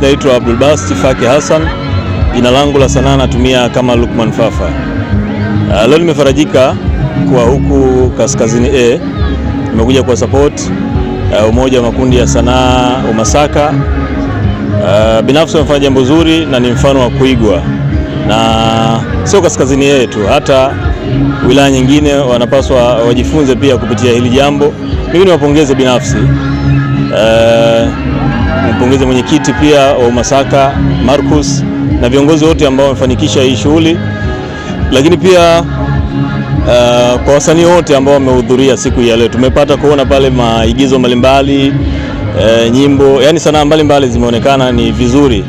Naitwa Abdulbasti Faki Hassan, jina langu la sanaa natumia kama Lukman Fafa. Uh, leo nimefarajika kuwa huku Kaskazini A, nimekuja kwa support uh, umoja wa makundi ya sanaa Umasaka. Uh, binafsi wamefanya jambo zuri na ni mfano wa kuigwa, na sio Kaskazini A tu, hata wilaya nyingine wanapaswa wajifunze pia kupitia hili jambo. Mimi niwapongeze binafsi uh, nimpongeze mwenyekiti pia wa Masaka Marcus na viongozi wote ambao wamefanikisha hii shughuli, lakini pia uh, kwa wasanii wote ambao wamehudhuria siku ya leo. Tumepata kuona pale maigizo mbalimbali uh, nyimbo, yani sanaa mbalimbali zimeonekana, ni vizuri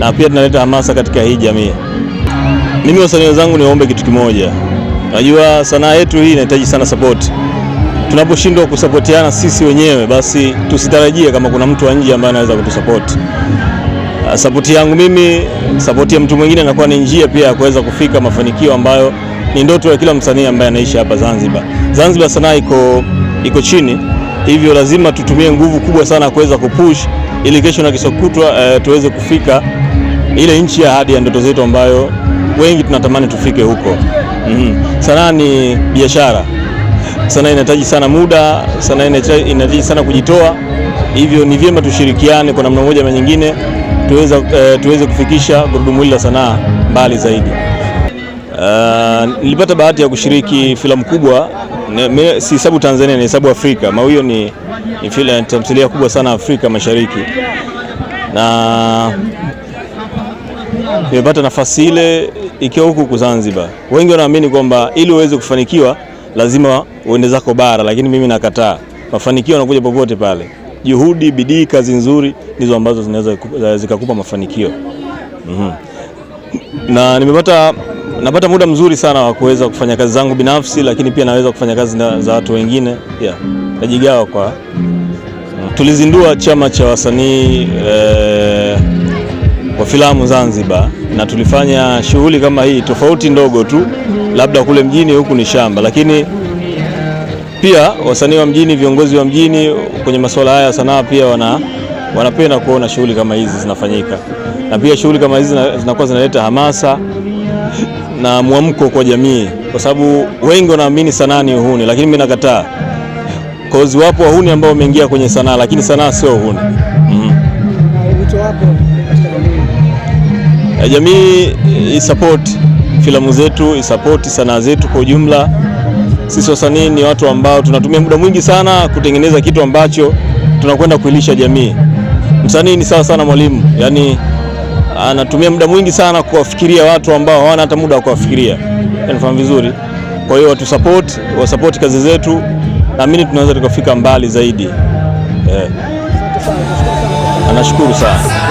na pia tunaleta hamasa katika hii jamii. Mimi wasanii wenzangu niwaombe kitu kimoja, najua sanaa yetu hii inahitaji sana support tunaposhindwa kusapotiana sisi wenyewe, basi tusitarajie kama kuna mtu wa nje ambaye anaweza kutusapoti. Ah, sapoti yangu mimi, sapoti ya mtu mwingine, inakuwa ni njia pia ya kuweza kufika mafanikio ambayo ni ndoto ya kila msanii ambaye anaishi hapa Zanzibar. Zanzibar sanaa iko, iko chini, hivyo lazima tutumie nguvu kubwa sana kuweza kupush ili kesho na kesho kutwa uh, tuweze kufika ile nchi ya hadi ya ndoto zetu ambayo wengi tunatamani tufike huko. Mm -hmm. Sanaa ni biashara sanaa inahitaji sana muda, sanaa inahitaji sana kujitoa. Hivyo ni vyema tushirikiane kwa namna moja ama nyingine, tuweze e, eh, tuweze kufikisha gurudumu hili la sanaa mbali zaidi. Uh, nilipata bahati ya kushiriki filamu kubwa, si hesabu Tanzania, ni hesabu Afrika. Mawio ni, ni filamu tamthilia kubwa sana Afrika Mashariki na nimepata nafasi ile ikiwa huku Zanzibar. Wengi wanaamini kwamba ili uweze kufanikiwa lazima uende zako bara, lakini mimi nakataa. Mafanikio yanakuja popote pale. Juhudi, bidii, kazi nzuri ndizo ambazo zinaweza zikakupa mafanikio. mm -hmm. na nimepata napata muda mzuri sana wa kuweza kufanya kazi zangu binafsi, lakini pia naweza kufanya kazi na, za watu wengine yeah. Najigawa kwa tulizindua chama cha wasanii eh, wa filamu Zanzibar na tulifanya shughuli kama hii, tofauti ndogo tu, labda kule mjini, huku ni shamba, lakini pia wasanii wa mjini, viongozi wa mjini kwenye masuala haya ya sanaa pia wana wanapenda kuona shughuli kama hizi zinafanyika, na pia shughuli kama hizi zinakuwa zinaleta hamasa na mwamko kwa jamii, kwa sababu wengi wanaamini sanaa ni uhuni, lakini mimi nakataa kozi. Wapo wahuni ambao wameingia kwenye sanaa, lakini sanaa sio uhuni. mm Eh, jamii eh, isapoti filamu zetu, isapoti sanaa zetu kwa ujumla. Sisi wasanii ni watu ambao tunatumia muda mwingi sana kutengeneza kitu ambacho tunakwenda kuilisha jamii. Msanii ni sawa sana mwalimu, yani anatumia muda mwingi sana kuwafikiria watu ambao hawana hata muda wa kuwafikiria. Nafahamu vizuri. Kwa hiyo watu support, support kazi zetu, naamini tunaweza tukafika mbali zaidi. Yeah. Anashukuru sana.